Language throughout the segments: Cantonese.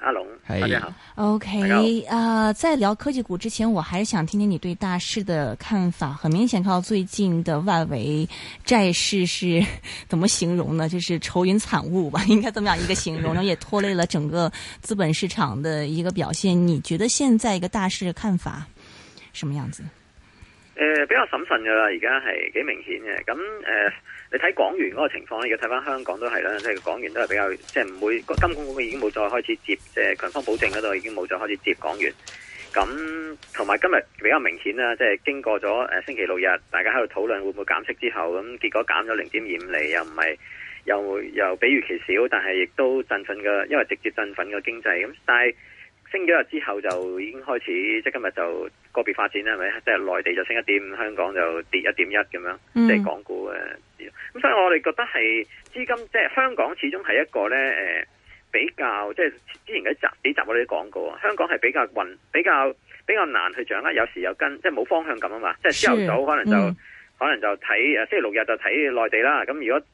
阿龍，大家好。OK 啊，uh，在聊科技股之前，我還是想聽聽你對大市的看法。很明顯，靠最近的外圍債市是怎麼形容呢？就是愁雲慘霧吧，應該這麼樣一個形容， 然後也拖累了整個資本市場的一個表現。你覺得現在一個大市的看法什麼樣子？呃，比較審慎的啦，而家係幾明顯嘅，咁呃你睇港元嗰個情況咧，要睇翻香港都係啦，即係港元都係比較即係唔會金管局已經冇再開始接，即係強方保證嗰度已經冇再開始接港元。咁同埋今日比較明顯啦，即係經過咗誒星期六日，大家喺度討論會唔會減息之後，咁結果減咗零點二五厘，又唔係又又比預期少，但係亦都振奮嘅，因為直接振奮嘅經濟咁，但升咗日之後就已經開始，即係今日就個別發展啦，係咪？即係內地就升一點五，香港就跌一點一咁樣，即、就、係、是、港股嘅。咁、嗯、所以我哋覺得係資金，即係香港始終係一個咧誒、呃，比較即係之前嗰集幾集我哋都講過，香港係比較混，比較比較難去掌握，有時又跟即係冇方向感啊嘛。即係朝頭早可能就、嗯、可能就睇誒星期六日就睇內地啦。咁如果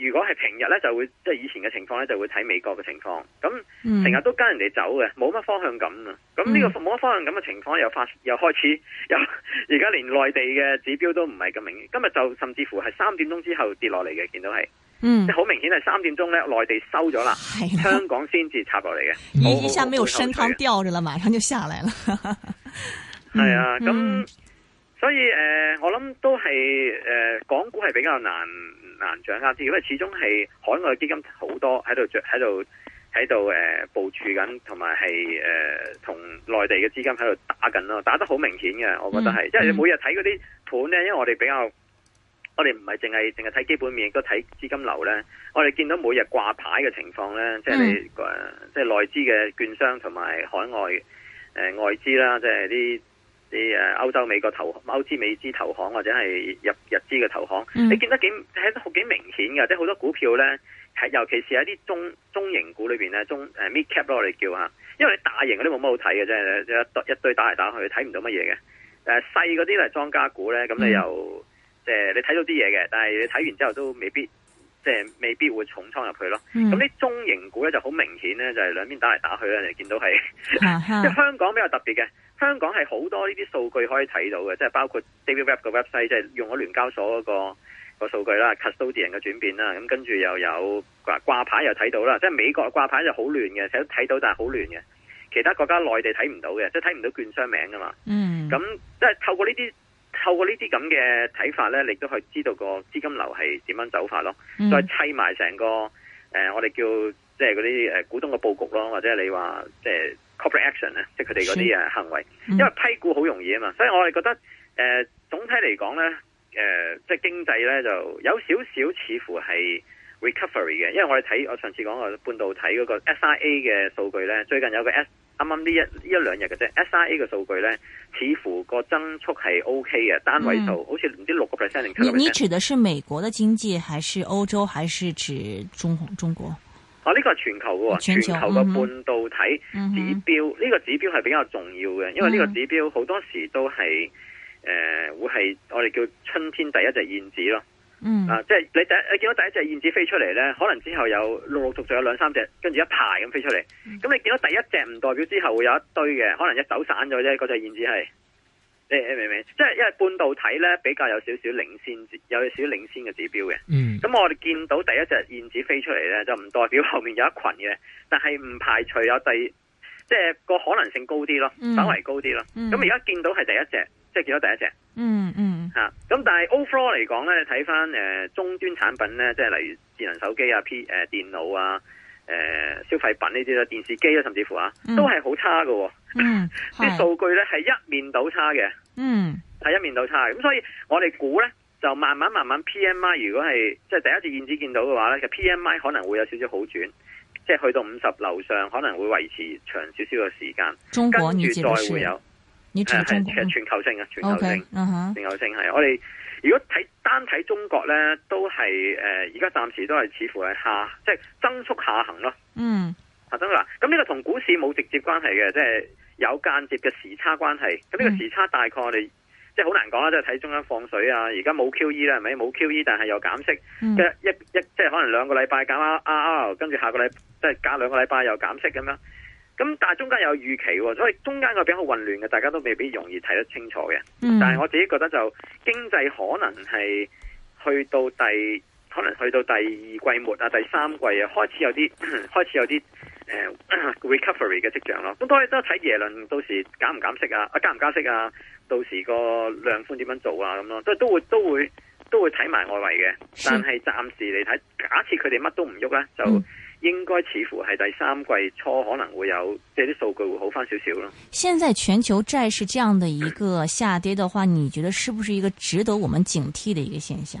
如果係平日咧，就會即係以前嘅情況咧，就會睇美國嘅情況。咁成、嗯、日都跟人哋走嘅，冇乜方向感啊！咁呢、這個冇乜方向感嘅情況、嗯、又發又開始，又而家連內地嘅指標都唔係咁明顯。今日就甚至乎係三點鐘之後跌落嚟嘅，見到係、嗯，即好明顯係三點鐘咧，內地收咗啦，香港先至插落嚟嘅。一、哦、一、哦、下沒有深湯吊住啦，馬上就下嚟啦。係 啊、嗯，咁、嗯、所以、呃、我諗都係、呃、港股係比較難。難掌握啲，因為始終係海外嘅基金好多喺度着喺度喺度誒部署緊，同埋係誒同內地嘅資金喺度打緊咯，打得好明顯嘅，我覺得係，因、嗯、為、即係、你每日睇嗰啲盤咧，因為我哋比較，嗯、我哋唔係淨係淨係睇基本面，都睇資金流咧，我哋見到每日掛牌嘅情況咧，即係即係內資嘅券商同埋海外誒、呃、外資啦，即係啲。啲誒歐洲美國投歐資美資投行或者係日日資嘅投行，投行 mm. 你見得幾得好幾明顯嘅，即係好多股票咧，尤其是喺啲中中型股裏面咧，中誒、uh, mid cap 咯，我哋叫吓，因為你大型嗰啲冇乜好睇嘅，啫。係一一堆打嚟打去睇唔到乜嘢嘅，誒細嗰啲都係莊家股咧，咁你又、mm. 即係你睇到啲嘢嘅，但係你睇完之後都未必。即係未必會重倉入去咯，咁、嗯、啲中型股咧就好明顯咧，就係兩邊打嚟打去咧，你見到係 啊啊。即係香港比較特別嘅，香港係好多呢啲數據可以睇到嘅，即係包括 David Web 嘅 website，即係、就是、用咗聯交所嗰、那個、那個數據啦，custodian 嘅轉變啦，咁跟住又有掛掛牌又睇到啦，即係美國掛牌就好亂嘅，睇睇到但係好亂嘅，其他國家內地睇唔到嘅，即係睇唔到券商名㗎嘛。嗯。咁即係透過呢啲。透過呢啲咁嘅睇法咧，你都可以知道個資金流係點樣走法咯、嗯，再砌埋成個，誒、呃，我哋叫即係嗰啲誒股東嘅布局咯，或者你話即係 corporate action 咧，即係佢哋嗰啲誒行為、嗯，因為批股好容易啊嘛，所以我哋覺得，誒、呃，總體嚟講咧，誒、呃，即係經濟咧就有少少似乎係 recovery 嘅，因為我哋睇我上次講過半導體嗰個 SIA 嘅數據咧，最近有個 S 啱啱呢一呢一兩日嘅啫，SIA 嘅數據咧，似乎個增速係 OK 嘅，單位度、嗯、好似唔知六個 percent。你指嘅係美國嘅經濟，還是歐洲，還是指中中國？啊、哦、呢、這個係全球嘅喎，全球嘅半導體、嗯、指標，呢、嗯這個指標係比較重要嘅，因為呢個指標好多時都係誒、呃、會係我哋叫春天第一隻燕子咯。嗯，啊，即係你第一、嗯、你見到第一隻燕子飛出嚟，咧，可能之後有陸陸續續有兩三隻跟住一排咁飛出嚟。咁你見到第一隻唔代表之後會有一堆嘅，可能一走散咗啫。嗰隻燕子係你明唔明？即係因為半導體咧比較有少少領先，有少少領先嘅指標嘅。嗯。咁、嗯、我哋見到第一隻燕子飛出嚟咧，就唔代表後面有一群嘅，但係唔排除有第即係、即係、個可能性高啲咯，稍為高啲咯。咁而家見到係第一隻，即、嗯、係、嗯即係、見到第一隻。嗯嗯。吓咁，但係 overall 嚟講咧，睇翻誒終端產品咧，即係例如智能手機啊、P 誒電腦啊、誒、呃、消費品呢啲啦，電視機啦，甚至乎啊，都係好差㗎喎。啲數據咧係一面倒差嘅。嗯，係、哦嗯、一面倒差嘅。咁、嗯、所以我哋估咧就慢慢慢慢 P M I 如果係即係第一次驗紙見到嘅話咧，就 P M I 可能會有少少好轉，即係去到五十樓上可能會維持長少少嘅時間。中國你跟住再會有誒，係，係全球性嘅，全球性，全球性係、okay, uh-huh.。我哋如果睇單睇中國咧，都係誒，而家暫時都係似乎係下，即係增速下行咯。嗯、mm.，下增啦。咁呢個同股市冇直接關係嘅，即係有間接嘅時差關係。咁呢個時差大概我哋即係好難講啦，即係睇中央放水 QE, QE,、mm. 就是、啊。而家冇 QE 啦，係咪？冇 QE，但係又減息。跟一一即係可能兩個禮拜減啊啊，跟住下個禮即係隔兩個禮拜又減息咁樣。咁但係中間有預期喎，所以中間個比較混亂嘅，大家都未必容易睇得清楚嘅。嗯。但係我自己覺得就經濟可能係去到第可能去到第二季末啊、第三季啊開始有啲開始有啲、呃、recovery 嘅跡象咯。咁都係都睇耶倫到時減唔減息啊？啊加唔加息啊？到時個量寬點樣做啊？咁咯，都都會都會都會睇埋外圍嘅，但係暫時嚟睇，假設佢哋乜都唔喐咧，就。嗯。應該似乎係第三季初，可能會有即係啲數據會好翻少少咯。現在全球債市這樣的一個下跌的話， 你覺得是不是一個值得我們警惕的一個現象？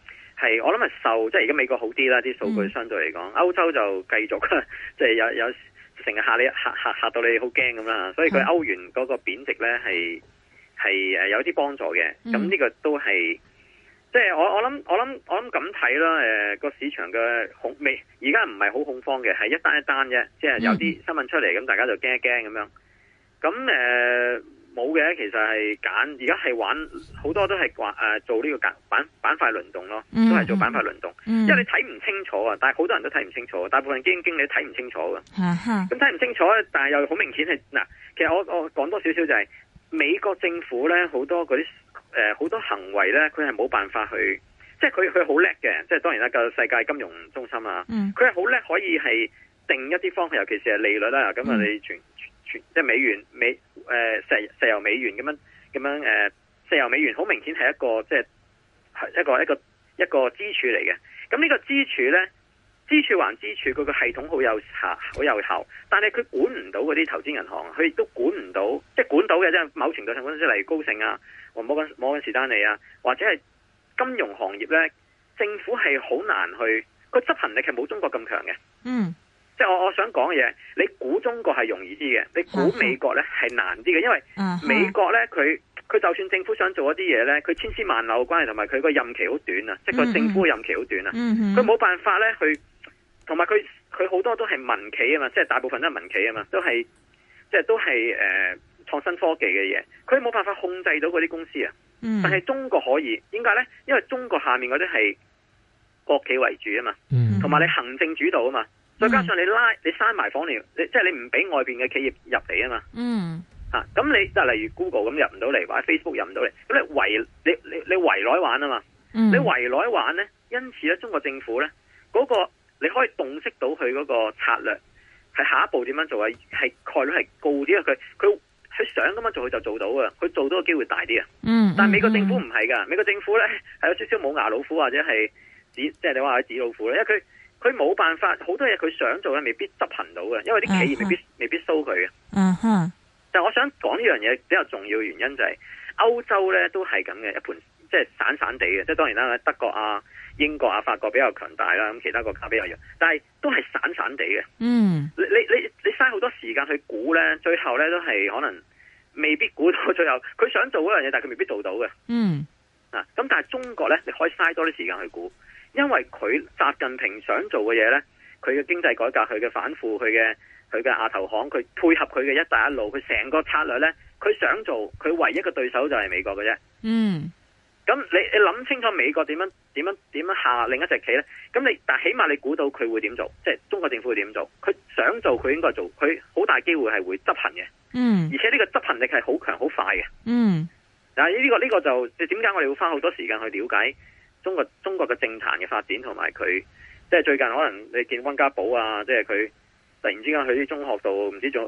係我諗係受，即係而家美國好啲啦，啲數據相對嚟講，歐、嗯、洲就繼續即係、就是、有有成日嚇你嚇嚇嚇到你好驚咁啦，所以佢歐元嗰個貶值咧係係誒有啲幫助嘅，咁、嗯、呢個都係即係我我諗我諗我諗咁睇啦，誒、呃、個市場嘅恐未而家唔係好恐慌嘅，係一單一單啫，即、就、係、是、有啲新聞出嚟咁、嗯，大家就驚一驚咁樣，咁誒。呃冇嘅，其實係揀而家係玩好多都係玩誒做呢個板板塊輪動咯，都係做板塊輪動，mm-hmm. 因為你睇唔清楚啊。但係好多人都睇唔清楚，大部分基金經理睇唔清楚噶。咁睇唔清楚，但係又好明顯係嗱，其實我我講多少少就係、是、美國政府咧，好多嗰啲誒好多行為咧，佢係冇辦法去，即係佢佢好叻嘅，即係當然啦個世界金融中心啊，佢係好叻可以係定一啲方向，尤其是係利率啦。咁啊，你全。Mm-hmm. 即係美元，美誒石石油美元咁樣咁樣誒，石油美元好明顯係一個即係一個一個一個，一個支柱嚟嘅。咁呢個支柱咧，支柱還支柱，佢個系統好有效好有效，但係佢管唔到嗰啲投資銀行，佢亦都管唔到，即係管到嘅即係某程度上，好似例如高盛啊，或摩根摩根士丹利啊，或者係金融行業咧，政府係好難去，個執行力係冇中國咁強嘅。嗯。即係我我想講嘅嘢，你估中國係容易啲嘅，你估美國咧係難啲嘅，因為美國咧佢佢就算政府想做一啲嘢咧，佢千絲萬縷嘅關係，同埋佢個任期好短啊，即係個政府任期好短啊，佢、嗯、冇辦法咧去，同埋佢佢好多都係民企啊嘛，即係大部分都係民企啊嘛，都係即係都係誒創新科技嘅嘢，佢冇辦法控制到嗰啲公司啊、嗯，但係中國可以點解咧？因為中國下面嗰啲係國企為主啊嘛，同埋你行政主導啊嘛。再加上你拉你閂埋房你即係你唔俾外邊嘅企業入嚟啊嘛。嗯，吓、啊、咁你即係例如 Google 咁入唔到嚟，或者 Facebook 入唔到嚟，咁你圍你你你圍內玩啊嘛。嗯，你圍內玩呢，因此咧，中國政府呢，嗰、嗰個你可以洞悉到佢嗰個策略係下一步點樣做啊？係概率係高啲啊！佢佢佢想咁樣做，佢就做到噶，佢做到嘅機會大啲啊。嗯，但係美國政府唔係噶，美國政府呢，係有少少冇牙老虎或者係，即係你話啲紙老虎，因為佢。佢冇辦法，好多嘢佢想做咧，未必執行到嘅，因為啲企業未必、uh-huh. 未必收佢嘅。嗯哼，但係我想講呢樣嘢比較重要嘅原因就係、是、歐洲咧都係咁嘅，一盤即係散散地嘅，即係當然啦，德國啊、英國啊、法國比較強大啦，咁其他國家比較弱，但係都係散散地嘅。嗯、mm.，你你你嘥好多時間去估咧，最後咧都係可能未必估到最後，佢想做嗰樣嘢，但係佢未必做到嘅。嗯、mm.，啊，咁但係中國咧，你可以嘥多啲時間去估。因為佢習近平想做嘅嘢呢，佢嘅經濟改革，佢嘅反腐，佢嘅佢嘅亞投行，佢配合佢嘅一帶一路，佢成個策略呢，佢想做，佢唯一嘅對手就係美國嘅啫。嗯，咁你你諗清楚美國點樣點樣點樣下另一隻棋呢？咁你但起碼你估到佢會點做，即係中國政府會點做？佢想做，佢應該做，佢好大機會係會執行嘅。嗯，而且呢個執行力係好強好快嘅。嗯，嗱呢個呢個就即係點解我哋要花好多時間去了解？中國中國嘅政壇嘅發展同埋佢，即係最近可能你見温家寶啊，即係佢突然之間去啲中學度，唔知做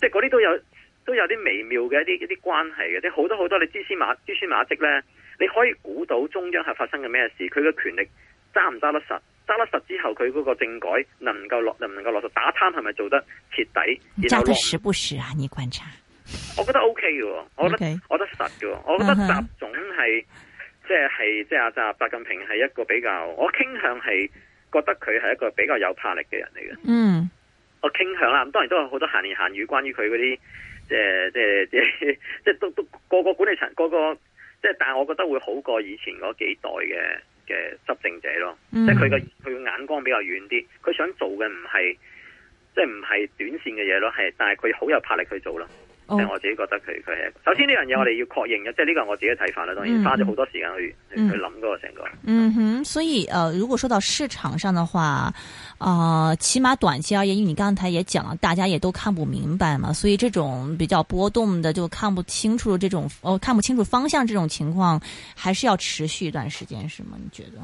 即係嗰啲都有都有啲微妙嘅一啲一啲關係嘅，即係好多好多你蛛絲馬蛛絲馬跡咧，你可以估到中央係發生緊咩事，佢嘅權力揸唔揸得實，揸得實之後佢嗰個政改能夠落，能唔能夠落實打貪係咪做得徹底？揸得實不實啊？你觀察，我覺得 OK 嘅，我覺得、okay. 我覺得實嘅，我覺得習總係。Uh-huh. 即係，即係阿習，習近平係一個比較，我傾向係覺得佢係一個比較有魄力嘅人嚟嘅。嗯、mm-hmm.，我傾向啦，咁當然都有好多閒言閒語關於佢嗰啲，即係即係即係，即係都都個個管理層，個個即係，但係我覺得會好過以前嗰幾代嘅嘅執政者咯。Mm-hmm. 即係佢嘅佢眼光比較遠啲，佢想做嘅唔係即係唔係短線嘅嘢咯，係但係佢好有魄力去做啦。嗯、我自己覺得佢佢係，首先呢樣嘢我哋要確認嘅，即係呢個係我自己睇法啦。當然花咗好多時間去、嗯、去諗嗰個成個、嗯。嗯哼，所以誒、呃，如果說到市場上嘅話，啊、呃，起碼短期而、啊、言，因為你剛才也講啦，大家也都看不明白嘛，所以這種比較波動的就看不清楚，這種哦，看不清楚方向，這種情況還是要持續一段時間，是嗎？你覺得？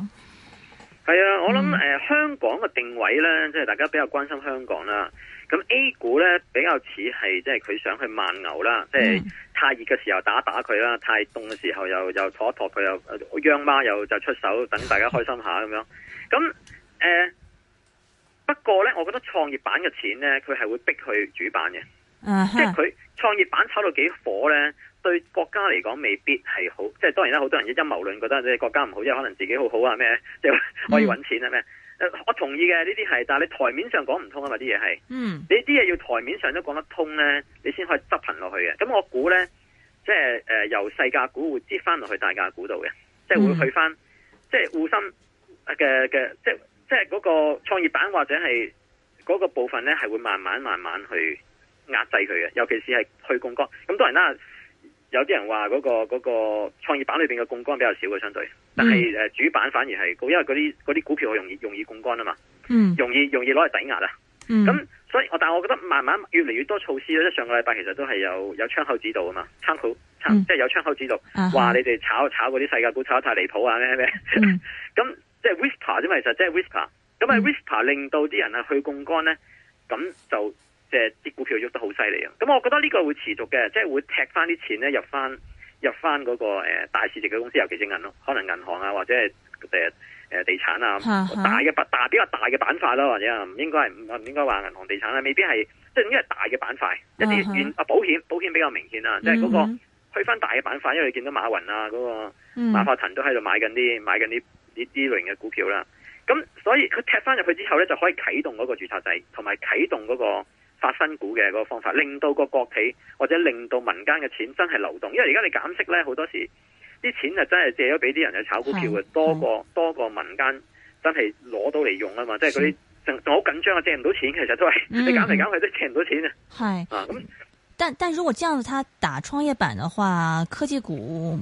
係啊，我諗誒、呃，香港嘅定位咧，即係大家比較關心香港啦。咁 A 股咧，比較似係即係，佢想去慢牛啦，即係太熱嘅時候打打佢啦，太凍嘅時候又又拖一拖佢，又央媽又就出手，等大家開心下咁樣。咁誒、呃，不過咧，我覺得創業板嘅錢咧，佢係會逼去主板嘅，uh-huh. 即係佢創業板炒到幾火咧，對國家嚟講未必係好。即係當然啦，好多人一陰謀論覺得咧國家唔好，即係可能自己好好啊咩，即係可以揾錢啊咩。Mm-hmm. 我同意嘅呢啲係，但係你台面上講唔通啊嘛，啲嘢係，嗯，你啲嘢要台面上都講得通呢，你先可以執行落去嘅。咁我估呢，即係、呃、由細價股會跌翻落去大價股度嘅，即係會去翻、嗯，即係互心嘅嘅，即係即係嗰個創業板或者係嗰個部分呢，係會慢慢慢慢去壓制佢嘅，尤其是係去槓桿。咁當然啦，有啲人話嗰、個嗰、個創業板裏邊嘅槓桿比較少嘅相對，但係誒，主板反而係高、嗯，因為嗰啲啲股票好容易容易槓桿啊嘛，容易、嗯、容易攞嚟抵押啊。咁、嗯、所以我但係我覺得慢慢越嚟越多措施咧，上個禮拜其實都係有有窗口指導啊嘛，參考、嗯、即係有窗口指導，話、嗯、你哋炒炒嗰啲世界股炒得太離譜啊咩咩。咁、嗯、 即係 Whisper 啫嘛，其實即係 Whisper。咁啊 Whisper 令到啲人啊去槓桿咧，咁、嗯、就即係啲股票喐得好犀利啊。咁我覺得呢個會持續嘅，即係會踢翻啲錢咧入翻。入翻嗰、那個誒、呃、大市值嘅公司，尤其是銀咯，可能銀行啊或者係誒誒地產啊， 大嘅大比較大嘅板塊啦，或者唔應該係唔唔應該話銀行地產啦、啊，未必係即係應該係大嘅板塊，一啲啊保險保險比較明顯啦、啊，即係嗰個 去翻大嘅板塊，因為你見到馬雲啊嗰、那個馬化騰都喺度買緊啲買緊啲呢啲類型嘅股票啦，咁所以佢踢翻入去之後咧，就可以啟動嗰個注冊制，同埋啟動嗰、那個。發新股嘅，嗰個方法，令到個國企或者令到民間嘅錢真係流動，因為而家你減息咧，好多時啲錢就真係借咗俾啲人去炒股票，多過多過民間真係攞到嚟用啊嘛，即係啲仲好緊張啊，借唔到錢，其實都係、嗯、你減嚟減去都借唔到錢啊。係啊，但但如果這樣子，他打創業板嘅話，科技股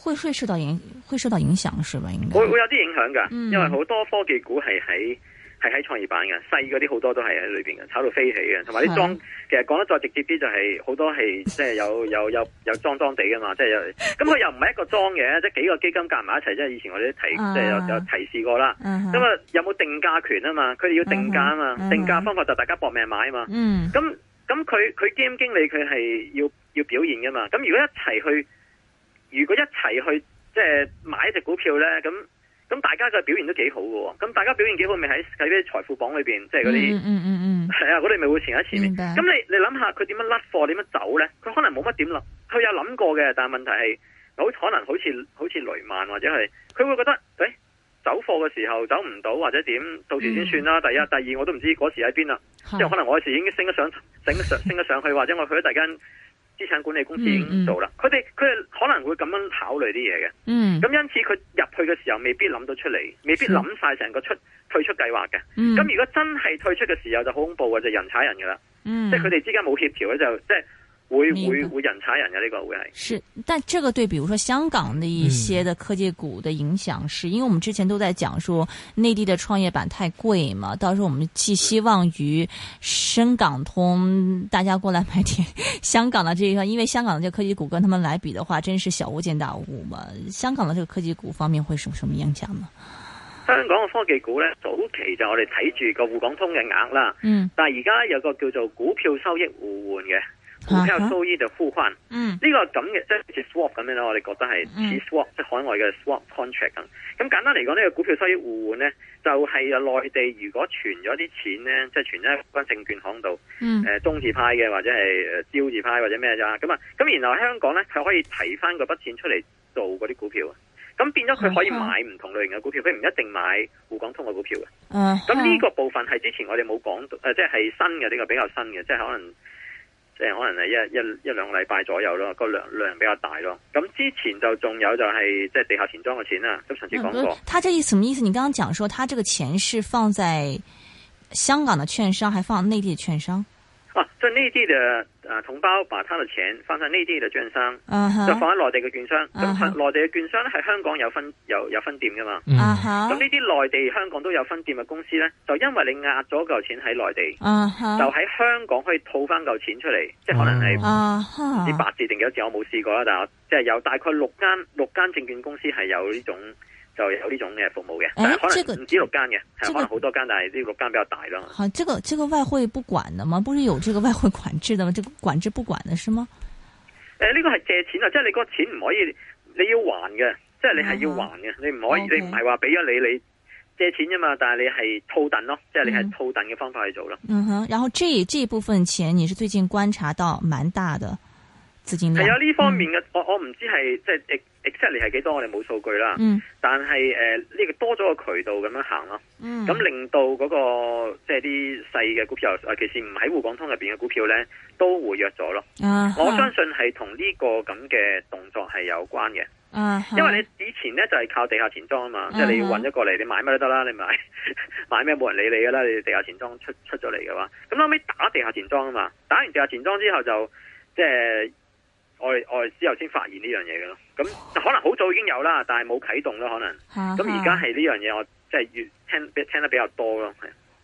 會會受到影會受到影響，是吧？應該會會有啲影響噶、嗯，因為好多科技股係喺。係喺創業板嘅，細嗰啲好多都係喺裏邊嘅，炒到飛起嘅。同埋啲莊，其實講得再直接啲就係、是，好多係即係有有有有莊莊地噶嘛，即係咁佢又唔係一個莊嘅，即、就、係、是、幾個基金夾埋一齊，即、就、係、是、以前我哋都提即係、就是、有有提示過啦。咁、uh-huh. 啊有冇定價權啊嘛？佢哋要定價啊嘛？Uh-huh. 定價方法就大家搏命買啊嘛。咁咁佢佢基金經理佢係要要表現噶嘛？咁如果一齊去，如果一齊去即係、就是、買隻股票咧，咁。咁大家嘅表現都幾好喎，咁大家表現幾好，咪喺喺啲財富榜裏邊，即係嗰啲，係、嗯、啊，我哋咪會前喺前面。咁、嗯嗯嗯、你你諗下佢點樣甩貨，點樣走咧？佢可能冇乜點諗，佢有諗過嘅，但問題係，好可能好似好似雷曼或者係，佢會覺得誒、欸、走貨嘅時候走唔到或者點，到時先算啦、嗯。第一、第二我都唔知嗰時喺邊啦，即係可能我時已經升得上， 上，升得上，升得上去，或者我去咗第間。資產管理公司已經做啦，佢哋佢哋可能會咁樣考慮啲嘢嘅，咁、嗯、因此佢入去嘅時候未必諗到出嚟，未必諗晒成個出退出計劃嘅，咁、嗯、如果真係退出嘅時候就好恐怖嘅，就人踩人噶啦、嗯，即係佢哋之間冇協調咧就即係。會會會人踩人嘅呢、這個會係，是但這個對，比如說香港的一些的科技股的影響是，是、嗯、因為我們之前都在講說內地的創業板太貴嘛，到時候我們寄希望於深港通，嗯、大家過來買點香港的這一、個、方，因為香港的這個科技股跟他們來比的話，真是小巫見大巫嘛。香港的這個科技股方面會受什麼影響呢？香港嘅科技股呢，早期就我哋睇住個滬港通嘅額啦，嗯，但係而家有個叫做股票收益互換嘅。股票收益就互換，呢個咁嘅即係似 swap 咁樣咧，我哋覺得係似、uh-huh. swap，即係海外嘅 swap contract 咁。咁簡單嚟講，呢、這個股票收益互換咧，就係、是、內地如果存咗啲錢咧，即、就、係、是、存咗喺間證券行度，誒、uh-huh. 呃，中字派嘅或者係誒，招字派或者咩就咁啊。咁然後香港咧，佢可以提翻嗰筆錢出嚟做嗰啲股票啊。咁變咗佢可以買唔同類型嘅股票，佢、uh-huh. 唔一定買滬港通嘅股票嘅。咁、uh-huh. 呢個部分係之前我哋冇講到，誒、呃，即係新嘅呢、這個比較新嘅，即係可能。即係可能係一一一,一兩個禮拜左右咯，個量量比較大咯。咁之前就仲有就係即係地下錢莊嘅錢啊，咁上次講過。嗯、佢呢個意思係咩意思？你剛剛講說，佢呢個錢係放喺香港嘅券商，還係放喺內地嘅券商？哦、啊，即係呢啲嘅同胞，把他嘅錢返在呢啲嘅券生，uh-huh. 就放喺內地嘅券商。咁、uh-huh. 內地嘅券商咧，喺香港有分有有分店噶嘛。咁呢啲內地香港都有分店嘅公司咧，就因為你壓咗嚿錢喺內地，uh-huh. 就喺香港可以套翻嚿錢出嚟，uh-huh. 即係可能係啲、uh-huh. 八字定幾多字，我冇試過啦。但係即係有大概六間六間證券公司係有呢種。就有呢種嘅服務嘅，誒、欸這個這個，可能唔止六間嘅，可能好多間，但係呢六間比較大咯。好，這個這個外匯不管嘅嘛，不是有這個外匯管制的嘛，這個管制不管嘅，是嗎？誒、呃，呢、這個係借錢啊，即係你嗰個錢唔可以，你要還嘅，即、啊、係你係要還嘅，你唔可以，okay、你唔係話俾咗你，你借錢啫嘛，但係你係套戥咯、嗯，即係你係套戥嘅方法去做咯。嗯哼，然後呢這，這部分錢，你是最近觀察到蠻大嘅資金量，係、嗯、啊，呢、嗯、方面嘅，我我唔知係即係。即係你係幾多，我哋冇數據啦。嗯、但係誒、呢、呃、個多咗個渠道，咁樣行咯、啊。咁、嗯、令到嗰、那個即係啲細嘅股票，尤其是唔喺滬港通入邊嘅股票咧，都活躍咗咯、啊。我相信係同呢個咁嘅動作係有關嘅、啊。因為你以前咧就係、是、靠地下錢莊啊嘛，即、啊、係、就是、你要揾咗過嚟，你買乜都得啦，你買 買咩冇人理你噶啦，你地下錢莊出出咗嚟嘅話，咁後尾打地下錢莊啊嘛，打完地下錢莊之後就即係。就是我哋我哋之後先發現呢樣嘢嘅咯，咁可能好早已經有啦，但係冇啟動咯，可能。咁而家係呢樣嘢，我即係越聽聽得比較多咯，係。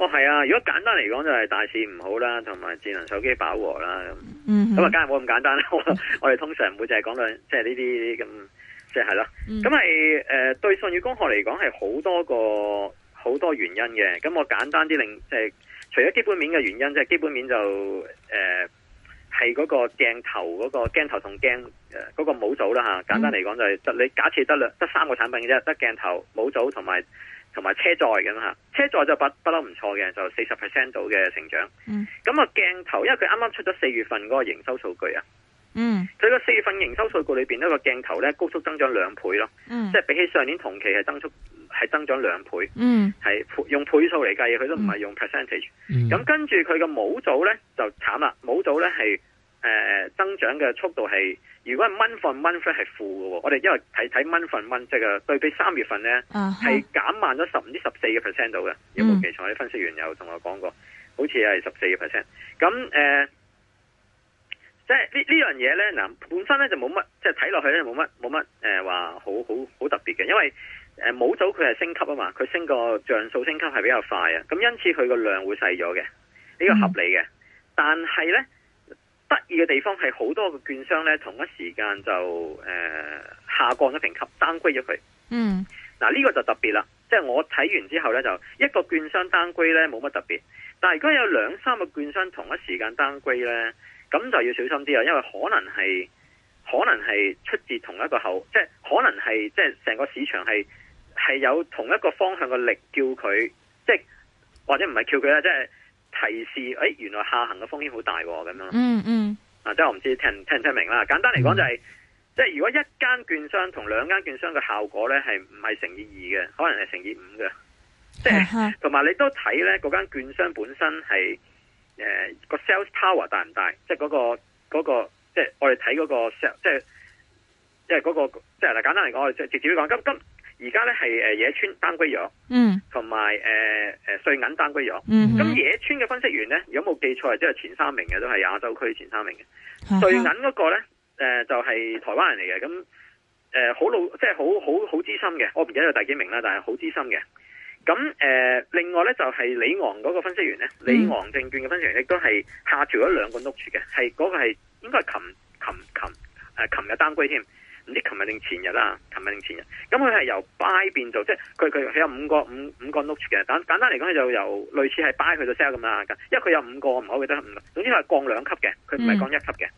哦，係啊！如果簡單嚟講，就係大市唔好啦，同埋智能手機飽和啦咁。咁啊，梗係冇咁簡單、嗯 就是就是、啦。我哋通常唔會淨係講到即係呢啲咁，即係啦。咁係誒對信譽光學嚟講係好多個好多原因嘅。咁我簡單啲令即係除咗基本面嘅原因，即、就、係、是、基本面就誒係嗰個鏡頭嗰、那個鏡頭同鏡誒嗰、那個模組啦嚇、啊。簡單嚟講就係得你假設得兩得三個產品嘅啫，得鏡頭模組同埋。同埋車載咁吓，車載就不不嬲唔錯嘅，就四十 percent 度嘅成長。咁啊鏡頭，因為佢啱啱出咗四月份嗰個營收數據啊。嗯，佢個四月份營收數據裏邊，那個、鏡呢個鏡頭咧高速增長兩倍咯。嗯，即係比起上年同期係增速係增長兩倍。嗯，係用倍數嚟計，佢都唔係用 percentage、嗯。咁跟住佢嘅母組咧就慘啦，母組咧係。誒、呃，增長嘅速度係，如果係蚊份蚊份係負嘅，我哋因為睇睇蚊份蚊，即係、啊、對比三月份咧，係、uh-huh. 減慢咗十五至十四個 percent 度嘅，有冇記錯啲分析員有同我講過？好似係十四個 percent，咁誒，即係呢呢樣嘢咧，嗱本身咧就冇乜，即係睇落去咧冇乜冇乜，誒話好好好特別嘅，因為誒冇早佢係升級啊嘛，佢升個像素升級係比較快啊，咁因此佢個量會細咗嘅，呢、這個合理嘅，mm. 但係咧。嘅地方係好多個券商咧，同一時間就誒、呃、下降咗評級 down grade 咗佢。嗯，嗱、啊、呢、呢個就特別啦，即、就、係、是、我睇完之後咧，就一個券商 down grade 咧冇乜特別，但係如果有兩三個券商同一時間 down grade 咧，咁就要小心啲啊，因為可能係可能係出自同一個口，即、就、係、是、可能係即係成個市場係係有同一個方向嘅力叫佢，即、就、係、是、或者唔係叫佢啦，即、就、係、是。提示，誒、哎，原來下行嘅風險好大咁、哦、樣。嗯嗯。即、啊、係我唔知聽聽唔聽,聽,聽明啦。簡單嚟講就係、是嗯，即係如果一間券商同兩間券商嘅效果咧，係唔係乘以二嘅，可能係乘以五嘅、嗯。即係，同、嗯、埋你都睇咧，嗰間券商本身係誒個 sales power 大唔大？即係嗰、那個嗰、那個，即係我哋睇嗰個 sell 即係即係嗰個，即係嗱、那個，簡單嚟講，我哋直接講，咁咁。而家咧係誒野村單歸咗嗯，同埋誒誒瑞銀單歸咗咁、嗯、野村嘅分析員咧，如果冇記錯，即係前三名嘅都係亞洲區前三名嘅。瑞銀嗰個咧、呃，就係、是、台灣人嚟嘅，咁誒好老，即係好好好資深嘅。我唔記得有第幾名啦，但係好資深嘅。咁誒、呃、另外咧就係、是、李昂嗰個分析員咧、嗯，李昂證券嘅分析員亦都係下調咗兩個 note 嘅，係、那、嗰個係應該係琴琴琴誒琴日單歸添。唔知琴日定前日啦，琴日定前日，咁佢係由 buy 變做，即係佢佢佢有五個五五個 note 嘅，簡簡單嚟講，就由類似係 buy 佢就 sell 咁樣，因為佢有五個，唔好記得五，總之係降兩級嘅，佢唔係降一級嘅。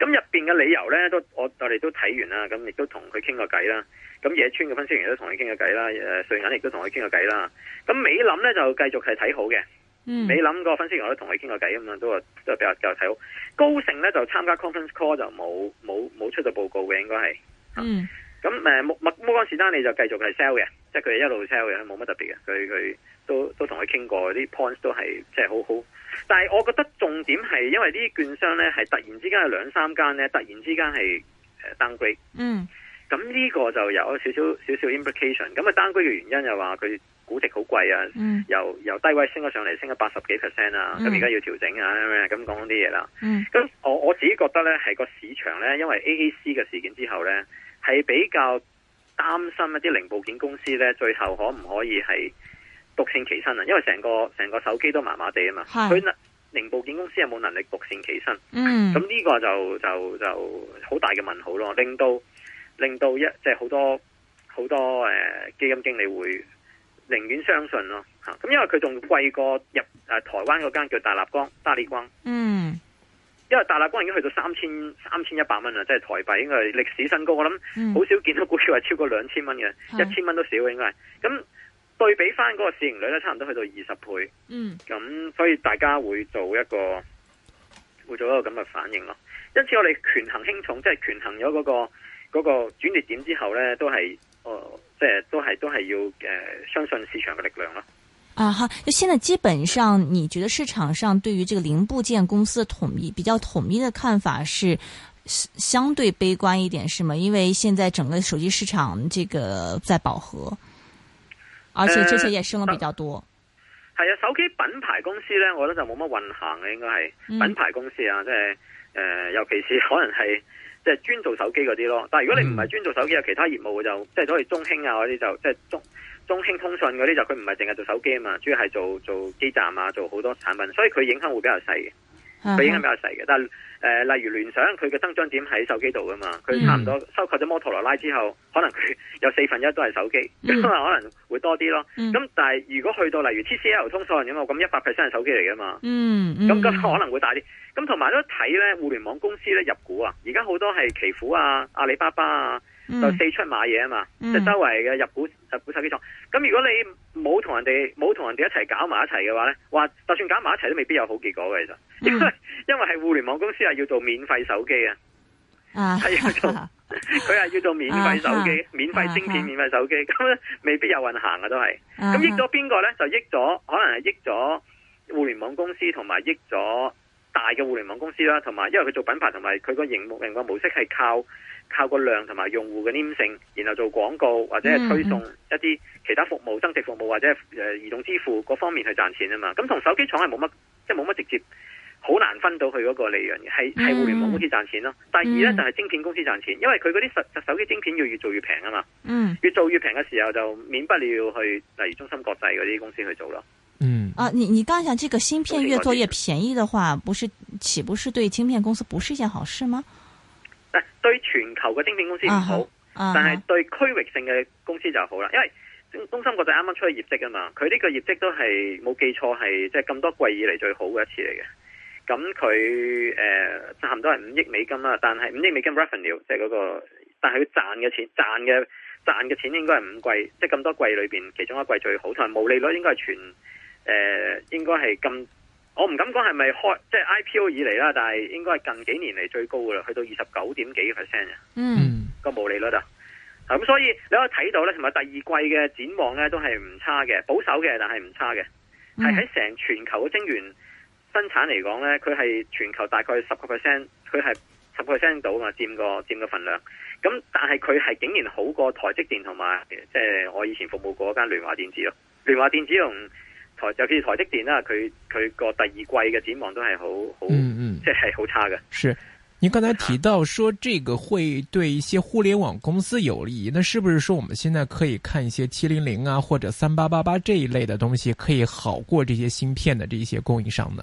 咁入邊嘅理由咧，都我我哋都睇完啦，咁亦都同佢傾過偈啦，咁野村嘅分析員都同佢傾過偈啦，誒、呃、瑞銀亦都同佢傾過偈啦，咁美林咧就繼續係睇好嘅。你諗過分析員我都同佢傾過偈咁樣，都係都係比較較睇好高呢。高盛咧就參加 conference call 就冇冇冇出到報告嘅，應該係。嗯。咁、啊、誒，摩摩根士丹利你就繼續係 sell 嘅，即係佢哋一路 sell 嘅，冇乜特別嘅。佢佢都都同佢傾過啲 points 都係即係好好。但係我覺得重點係因為呢啲券商咧係突然之間係兩三間咧突然之間係誒 downgrade 嗯。咁呢個就有少少少少 implication。咁啊 downgrade 嘅原因就話佢。估值好貴啊，嗯、由由低位升咗上嚟，升咗八十幾 percent 啊，咁而家要調整啊，咁講啲嘢啦。咁、嗯、我我自己覺得咧，係個市場咧，因為 A A C 嘅事件之後咧，係比較擔心一啲零部件公司咧，最後可唔可以係獨善其身啊？因為成個成個手機都麻麻地啊嘛，佢能零部件公司有冇能力獨善其身？嗯，咁呢個就就就好大嘅問號咯，令到令到一即係好多好多誒、呃、基金經理會。寧願相信咯，吓，咁因為佢仲貴過入誒，台灣嗰間叫大立光、大立光。嗯，因為大立光已經去到三千三千一百蚊啦，即係台幣應該係歷史新高。我諗好少見到股票係超過兩千蚊嘅，嗯，一千蚊都少應該。咁對比翻嗰個市盈率咧，差唔多去到二十倍。嗯，咁所以大家會做一個會做一個咁嘅反應咯。因此我哋權衡輕重，即係權衡咗嗰個嗰個轉折點之後咧，都係誒。呃即係都係都係要誒、呃，相信市場嘅力量咯。啊，哈現在基本上，你覺得市場上對於這個零部件公司統一比較統一的看法是相對悲觀一點，是嗎？因為現在整個手機市場這個在飽和，而且之前也升了比較多。係、呃、啊，手、呃、機品牌公司呢，我覺得就冇乜運行，應該係、嗯、品牌公司啊，即係誒，尤其是可能係。即係專做手機嗰啲咯，但係如果你唔係專做手機，有、嗯、其他業務嘅就，即係咗去中興啊嗰啲就，即係中中興通訊嗰啲就，佢唔係淨係做手機啊嘛，主要係做做基站啊，做好多產品，所以佢影響會比較細嘅。佢、嗯、應該比較細嘅，但係誒、呃，例如聯想，佢嘅增長點喺手機度噶嘛，佢差唔多收購咗摩托羅拉之後，可能佢有四分一都係手機，嗯、 可能會多啲咯。咁但係如果去到例如 TCL 通訊咁啊，咁一百 percent 係手機嚟噶嘛，咁、嗯、咁、嗯嗯、 可能會大啲。咁同埋都睇咧互聯網公司咧入股啊，而家好多係奇虎啊、阿里巴巴啊。就四出買嘢啊嘛，即、嗯、係周圍嘅入股、嗯、入股手機廠。咁如果你冇同人哋冇同人哋一齊搞埋一齊嘅話咧，話就算搞埋一齊都未必有好結果嘅其實，因為係係互聯網公司係要做免費手機啊，係、嗯、要做佢係、嗯、要做免費手機、嗯，免費晶片、嗯、免費手機，咁、嗯、咧 未必有運行啊都係。咁益咗邊個咧就益咗，可能係益咗互聯網公司同埋益咗大嘅互聯網公司啦，同埋因為佢做品牌同埋佢個營運營個模式係靠。靠個量同埋用戶嘅黏性，然後做廣告或者係推送一啲其他服務、嗯嗯、增值服務或者誒、呃、移動支付各方面去賺錢啊嘛。咁同手機廠係冇乜，即係冇乜直接，好難分到佢嗰個利潤嘅。係係互聯網公司賺錢咯、嗯。第二咧就係、是、晶片公司賺錢，因為佢嗰啲實手機晶片要越做越平啊嘛。嗯，越做越平嘅時候就免不了去例如中芯國際嗰啲公司去做咯。嗯，啊，你而加想呢個芯片越做越便宜嘅話，不是豈不是對晶片公司不是一件好事嗎？但係對全球嘅晶片公司唔好，uh-huh, uh-huh. 但係對區域性嘅公司就好啦，因為中芯國際啱啱出業績啊嘛，佢呢個業績都係冇記錯，係即係咁多季以嚟最好嘅一次嚟嘅。咁佢誒，差唔多係五億美金啦，但係五億美金 revenue 即係嗰個，但係佢賺嘅錢，賺嘅賺嘅錢應該係五季，即係咁多季裏邊其中一季最好，同埋毛利率應該係全誒、呃、應該係咁。我唔敢講係咪開，即係 IPO 以嚟啦，但係應該係近幾年嚟最高噶啦，去到二十九點幾 percent 啊，嗯，個毛利率啊，咁、mm. 嗯、所以你可以睇到咧，同埋第二季嘅展望咧都係唔差嘅，保守嘅但係唔差嘅，係喺成全球嘅晶圓生產嚟講咧，佢係全球大概十個 percent，佢係十個 percent 到啊，佔個佔個份量，咁、嗯、但係佢係竟然好過台積電同埋即係我以前服務過一間聯華電子咯，聯華電子同。台尤其台積電啦，佢佢個第二季嘅展望都係好好，嗯嗯，即係好差嘅。是，你剛才提到說這個會對一些互聯網公司有利，那是不是說我們現在可以看一些七零零啊或者三八八八這一類的東西可以好過這些芯片的這一些供應商呢？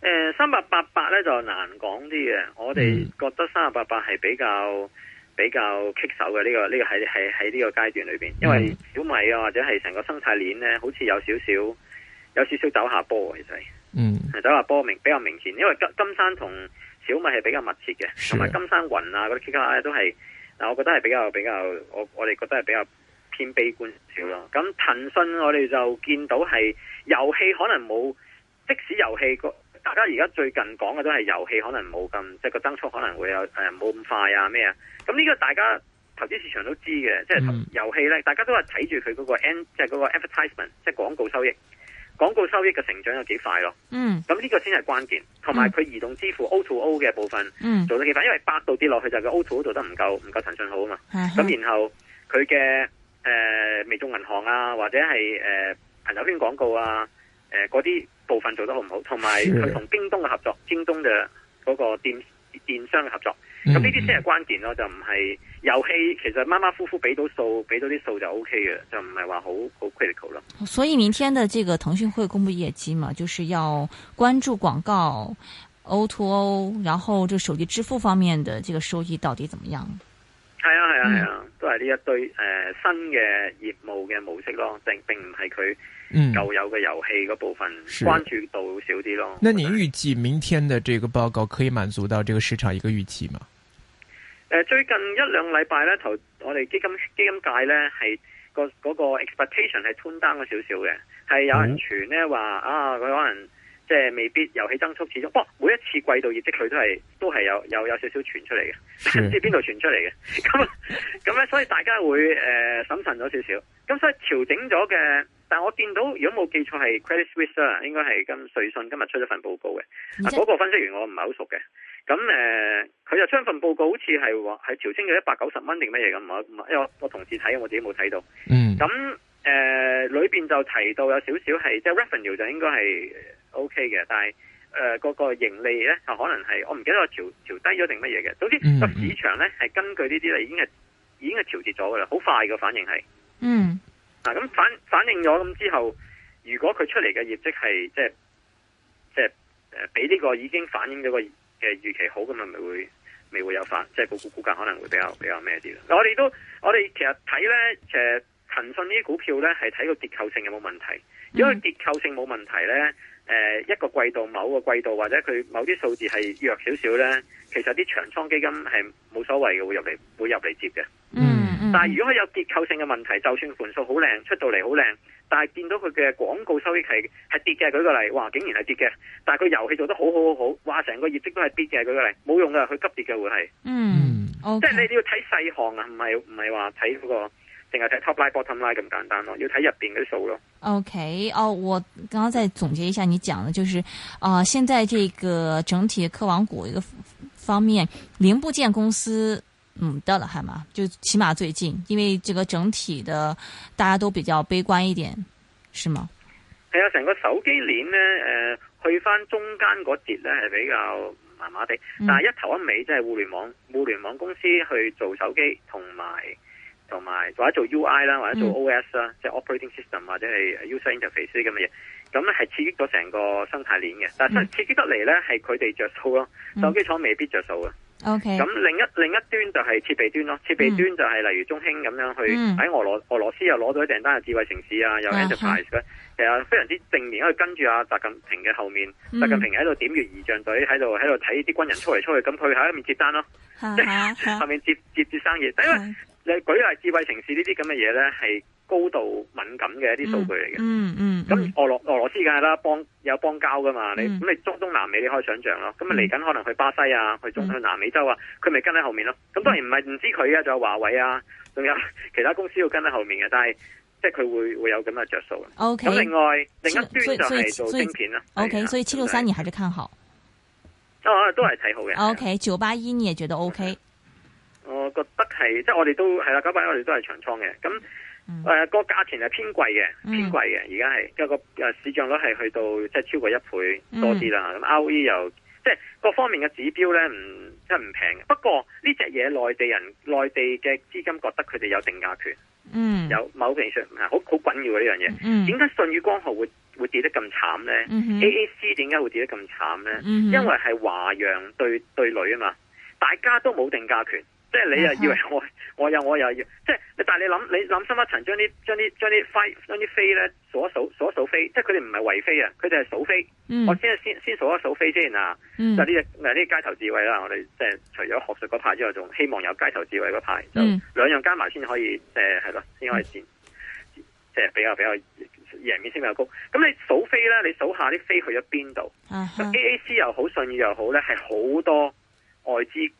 誒、呃，三八八八咧就難講啲嘅，我哋覺得三八八八係比較。比較棘手嘅呢、呢個呢、呢個喺喺喺呢個階段裏邊，因為小米啊或者係成個生態鏈咧，好似有少少有少少走下坡其實，嗯，走下坡明比較明顯，因為金金山同小米係比較密切嘅，同埋金山雲啊嗰啲 KPI 都係，嗱我覺得係比較比較，我我哋覺得係比較偏悲觀少咯。咁騰訊我哋就見到係遊戲可能冇，即使遊戲個。大家而家最近講嘅都係遊戲，可能冇咁即係個增速可能會有誒冇咁快啊咩啊？咁呢個大家投資市場都知嘅，即、嗯、係、就是、遊戲咧，大家都係睇住佢嗰個 n 即係嗰個 advertisement，即係廣告收益，廣告收益嘅成長有幾快咯。嗯，咁呢個先係關鍵，同埋佢移動支付 O to O 嘅部分，嗯、做得幾快？因為百度跌落去就佢 O to O 度得唔夠，唔夠騰訊好啊嘛。咁、嗯嗯、然後佢嘅誒微眾銀行啊，或者係誒、呃、朋友圈廣告啊。誒、呃，嗰啲部分做得好唔好，同埋佢同京東嘅合作，京東嘅嗰個電電商嘅合作，咁呢啲先係關鍵咯，就唔係遊戲。其實馬馬虎虎俾到數，俾到啲數就 OK 嘅，就唔係話好好 critical 咯。所以明天嘅這個騰訊會公布業績嘛，就是要關注廣告 O2O，然後就手機支付方面的這個收益，到底怎麼樣？係啊係啊係啊，是啊是啊，嗯、都係呢一堆誒、呃、新嘅業務嘅模式咯，並並唔係佢。嗯，舊有嘅遊戲嗰部分關注度少啲咯。那你預計明天的這個報告可以滿足到這個市場一個預期嗎？誒，最近一兩禮拜呢，頭我哋基金基金界呢，係個嗰，那個 expectation 係 tune down 咗少少嘅，係有人傳呢話、嗯、啊，佢可能。即係未必遊戲增速，始終，哇！每一次季度業績佢都係都係有有有，有少少傳出嚟嘅，唔知邊度傳出嚟嘅。咁咁咧，所以大家會誒、呃、審慎咗少少。咁所以調整咗嘅，但我見到如果冇記錯係 Credit Suisse 應該係咁。瑞信今日出咗份報告嘅。嗰、啊那個分析員我唔係好熟嘅。咁誒，佢、呃、又出份報告好，好似係話係調升咗一百九十蚊定乜嘢咁。唔係，因為我，我同事睇，我自己冇睇到。嗯。咁誒裏面就提到有少少係即係 Revenue 就應該係。O K 嘅，但係誒嗰個盈利咧就可能係我唔記得我調調低咗定乜嘢嘅。總之個市場咧係、mm-hmm. 根據呢啲咧已經係已經係調節咗噶啦，好快嘅反應係。嗯、mm-hmm. 啊。嗱咁反反應咗咁之後，如果佢出嚟嘅業績係即係即係誒比呢個已經反映咗個嘅預期好，咁啊咪會未會有反即係個股股價可能會比較比較咩啲啦。我哋都我哋其實睇咧，誒騰訊呢啲股票咧係睇個結構性有冇問題，如果佢結構性冇問題咧。Mm-hmm. 誒、呃，一個季度，某個季度或者佢某啲數字係弱少少呢，其實啲長倉基金係冇所謂嘅，會入嚟，會入嚟接嘅。嗯，但係如果佢有結構性嘅問題，就算盤數好靚，出到嚟好靚，但係見到佢嘅廣告收益係係跌嘅。舉個例，哇，竟然係跌嘅。但係佢遊戲做得好好好好，哇，成個業績都係跌嘅。舉個例，冇用噶，佢急跌嘅會係。嗯，okay. 即係你都要睇細項啊，唔係唔係話睇嗰個。定係睇 top line bottom line 咁簡單咯，要睇入邊嗰啲數咯。OK，哦，我剛剛再總結一下，你講嘅就是，啊、呃，現在這個整體科網股一個方面，零部件公司，嗯，得了，係嘛？就起碼最近，因為這個整體的大家都比較悲觀一點，是嗎？係啊，成個手機鏈咧，誒、呃，去翻，中間嗰節咧係比較麻麻地，但係一頭一尾即係互聯網，互聯網公司去做手機同埋，同埋或者做 UI 啦，或者做 OS 啦、嗯，即係 Operating System 或者係 User Interface 啲咁嘅嘢，咁咧係刺激咗成個生態鏈嘅。但係刺激得嚟咧，係佢哋着數咯，手機廠未必着數啊。O、嗯、K。咁、okay，另一另一端就係設備端咯，設備端就係例如中興咁樣去喺俄羅、嗯、俄羅斯又攞到訂單嘅智慧城市有啊，又 Enterprise 嘅，其實非常之正面，因、嗯、為跟住阿習近平嘅後面，習、嗯、近平喺度點閱儀仗隊，喺度喺度睇啲軍人出嚟出去，咁佢喺後面接單咯、啊啊，後面接、啊、接，接接生意。你舉例智慧城市呢啲咁嘅嘢咧，係高度敏感嘅一啲數據嚟嘅。嗯嗯。咁、嗯、俄羅俄羅斯梗係啦，邦有邦交噶嘛？你咁、嗯、你中東南美你可以想象咯。咁啊嚟緊可能去巴西啊，去中去南美洲啊，佢、嗯、咪跟喺後面咯、啊？咁當然唔係唔知佢啊，仲有華為啊，仲有其他公司要跟喺後面嘅、啊。但係即係佢會會有咁嘅着數。咁、okay, 另外另一端就係做芯片咯、啊。O K，所以七六三你還是看好？哦、啊，都係睇好嘅。O K，九八一你也覺得 O、okay、K？我覺得係，即係我哋都係啦，九百一我哋都係長倉嘅。咁誒個價錢係偏貴嘅，偏貴嘅而家係，個誒、嗯就是、市賬率係去到即係、就是、超過一倍多啲啦。咁、嗯、ROE 又即係各方面嘅指標咧，唔即係唔平。不過呢隻嘢，內地人、內地嘅資金覺得佢哋有定價權，嗯，有某技術係好好緊要呢樣嘢。嗯，點解舜宇光學會會跌得咁慘咧？A A C 點解會跌得咁慘咧？因為係華陽對對壘啊嘛，大家都冇定價權。即係、 就是、你又以為我我有我又有，即、就、係、是、但係你諗，你諗深一層，將啲將啲將啲將啲飛咧，數一數數一數飛，即係佢哋唔係圍飛啊，佢哋係數飛。嗯、我先先數一數飛先啊。嗯、就呢隻、這個，呢街頭智慧啦。我哋即係除咗學術嗰派之外，仲希望有街頭智慧嗰派。嗯，兩樣加埋先可以，即係咯，先可以戰，即、嗯、係比較比較贏面先比較高。咁你數飛咧，你數下啲飛去咗邊度？A A C 又好，信譽又好咧，係好多外資。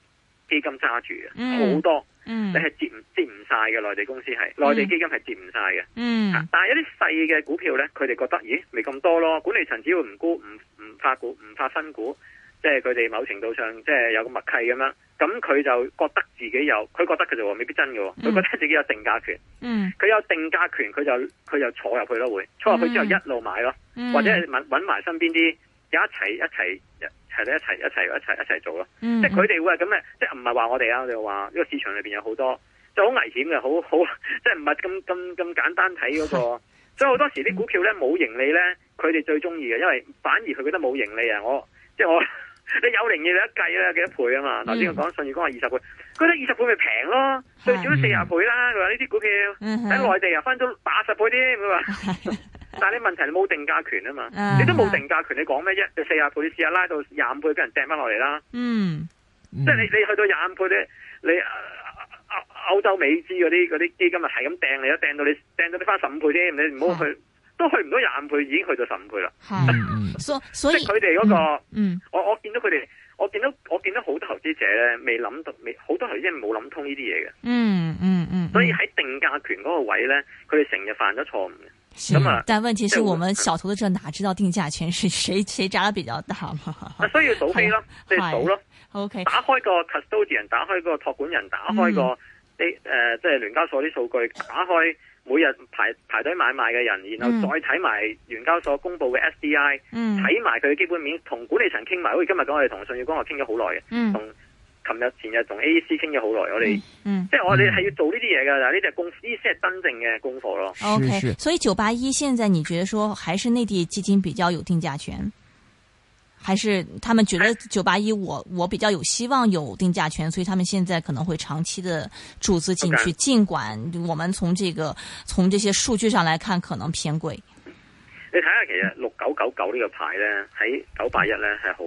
基金揸住嘅好、嗯、多，嗯、你係接接唔晒嘅內地公司係，內、嗯、地基金係接唔晒嘅。嗯，啊、但係一啲細嘅股票呢，佢哋覺得，咦，未咁多咯。管理層只要唔沽唔唔發股唔發新股，即係佢哋某程度上即係有個默契咁樣。咁佢就覺得自己有，佢覺得佢就未必真嘅。佢、嗯、覺得自己有定價權，嗯，佢有定價權，佢就佢就坐入去咯，會坐入去之後一路買咯，嗯、或者搵搵埋身邊啲一齊一齊。一齊係咧，一齊一齊一齊一齊做咯、嗯，即係佢哋會係咁嘅，即係唔係話我哋啊，我哋話呢個市場裏邊有好多，就好危險嘅，好好即係唔係咁咁咁簡單睇嗰個，所以好多時啲股票咧冇盈利咧，佢哋最中意嘅，因為反而佢覺得冇盈利啊，我即係我你有盈利 你一計啦，幾多倍啊嘛？頭先我講信義光係二十倍，覺得二十倍咪平咯，最少四十倍啦。佢話呢啲股票喺內地又分咗八十倍添。佢、嗯、唔 但係你問題你冇定價權啊嘛，uh, uh, 你都冇定價權，你講咩一四十倍，試下拉到廿五倍，俾人掟翻落嚟啦。嗯，即係你你去到廿五倍啫，你歐歐、啊啊、洲美資嗰啲嗰啲基金啊，係咁掟你，掟到你掟到你翻十五倍啫，你唔好去都去唔到廿五倍，已經去到十五倍啦、啊嗯。 所所以即係佢哋嗰個，嗯，我我見到佢哋，我見到我見到好多投資者咧，未諗到，未好多投資人冇諗通呢啲嘢嘅。嗯嗯嗯。所以喺定價權嗰個位咧，佢哋成日犯咗錯誤嘅。咁啊！但問題是我們小投資者哪知道定價權是誰？誰揸得比較大嘛？啊、嗯，需 要數飛咯，即係賭咯。O K， 打開個 custodian，打開個託管人，打開個啲誒，即係聯交所啲數據，打開每日排排隊買賣嘅人，然後再睇埋聯交所公佈嘅 S D I，睇埋佢嘅基本面，同管理層傾埋。好似今日講，我哋同信永光我傾咗好耐嘅，同。琴日前日同 AEC 傾咗好耐，我哋，嗯，即係我哋係要做呢啲嘢噶，呢啲係公，呢啲先係真正嘅功課咯。OK，所以九八一現在你覺得說，還是內地基金比較有定價權，還是他們覺得九八一我我比較有希望有定價權，所以他們現在可能會長期的注資進去，盡管我們從這個從、okay、這些數據上來看，可能偏貴。你睇下其實六九九九呢個牌咧，喺九八一咧係好，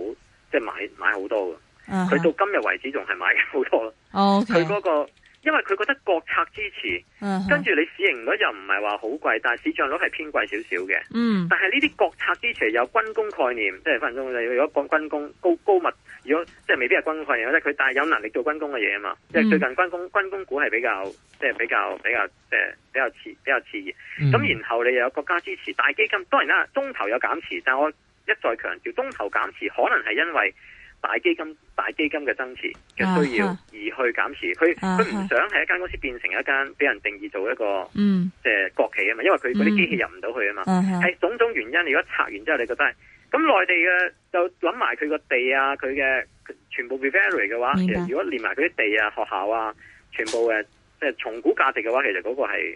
即係買買好多嘅。佢到今日為止仲係買咗好多，佢、oh, 嗰、okay. 那個，因為佢覺得國策支持，uh-huh. 跟住你市盈率又唔係話好貴，但係市賬率係偏貴少少嘅。嗯、mm.，但係呢啲國策支持有軍工概念，即係分分鐘，如果講軍工高高密，如果即係未必係軍工概念，或者佢但係有能力做軍工嘅嘢啊嘛。即、mm. 係最近軍工軍工股係比較，即係比較比較，即係比較刺比較刺熱。咁、mm. 然後你又有國家支持，大基金當然啦，中投有減持，但係我一再強調，中投減持可能係因為。大基金大基金嘅增持嘅需要，uh-huh. 而去減持佢，佢唔想係一間公司變成一間俾人定義做一個，即、uh-huh. 係國企啊嘛，因為佢嗰啲機器入唔到去啊嘛，係、uh-huh. 種種原因。如果拆完之後，你覺得係咁內地嘅就諗埋佢個地啊，佢嘅全部 r e v e r y 嘅話，其、uh-huh. 實如果連埋佢啲地啊、學校啊，全部誒即係重估價值嘅話，其實嗰個係。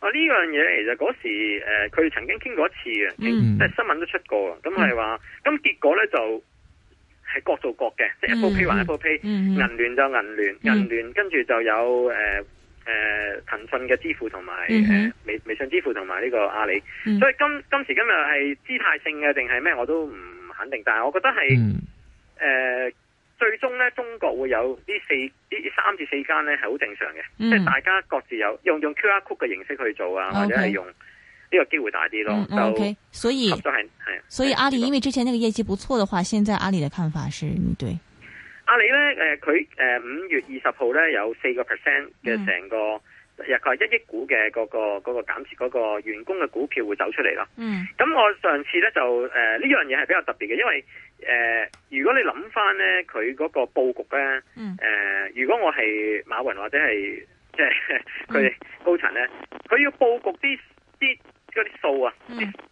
啊、哦！呢樣嘢其實嗰時誒，佢、呃、曾經傾過一次嘅、嗯，即係新聞都出過，咁係話，咁結果咧就係各做各嘅，即係 Apple Pay 還 Apple Pay 銀聯就銀、是、聯、嗯，銀聯跟住就有誒誒騰訊嘅支付同埋誒微微信支付同埋呢個阿里，嗯、所以今今時今日係姿態性嘅定係咩，我都唔肯定，但係我覺得係誒。嗯呃最終咧，中國會有呢四呢三至四間咧，係好正常嘅，即、嗯、係大家各自有用用 Q R code 嘅形式去做啊，okay、或者係用呢個機會大啲咯。嗯嗯、o、okay、K，所以所以阿里因為之前呢個業績不錯嘅話，現在阿里嘅看法是、嗯、對阿里咧，誒佢誒五月二十號咧有四個 percent 嘅成個約概一億股嘅嗰、嗰個嗰、嗰個減持嗰個員工嘅股票會走出嚟咯。嗯，咁我上次咧就誒呢樣嘢係比較特別嘅，因為。誒、呃，如果你諗翻咧，佢嗰個布局咧，誒、嗯呃，如果我係馬雲或者係即係佢高層咧，佢、嗯、要布局啲啲嗰啲數啊，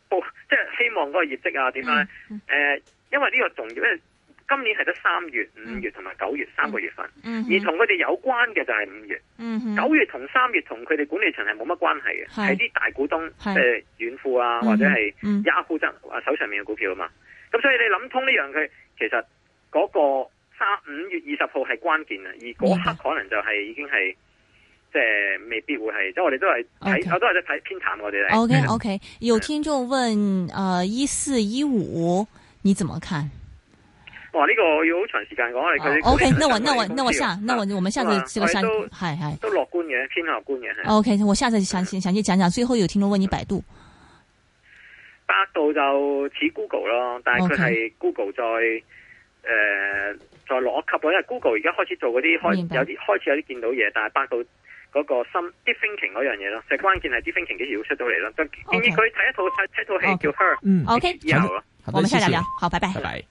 布即係希望嗰個業績啊點樣？誒、嗯嗯呃，因為呢個重要，因為今年係得三月、五月同埋九月三個月份，嗯嗯嗯、而同佢哋有關嘅就係五月，九、嗯嗯、月同三月同佢哋管理層係冇乜關係嘅，係啲大股東即係軟庫啊、嗯、或者係 yahoo 啊、嗯即係、手上面嘅股票啊嘛。咁、嗯、所以你諗通呢樣佢，其實嗰個三五月二十號係關鍵啊，而嗰刻可能就係已經係，即係未必會係，即係我哋都係睇，我、okay. 都係睇偏淡我哋。O K O K，有聽眾問，誒一四一五你怎麼看？哇呢、呢個要好長時間講，我哋睇呢 O K，那我那我那我下，那我、啊、我們下次做個商，係係都樂觀嘅，偏樂觀嘅。O、okay, K，我下次想、嗯、想去講講，最後有聽眾問你百度。百度就似 Google 咯，但係佢係 Google 再誒、okay. 呃、再攞級，因為 Google 而家開始做嗰啲開有啲開始有啲見到嘢，但係百度嗰個 deep thinking 嗰樣嘢咯，就、okay. 關鍵係 deep thinking 幾時會出到嚟咯。就建議佢睇一套睇套戲、okay. 叫 Her，嗯，OK，好，我哋下架聊，好，拜拜，拜拜。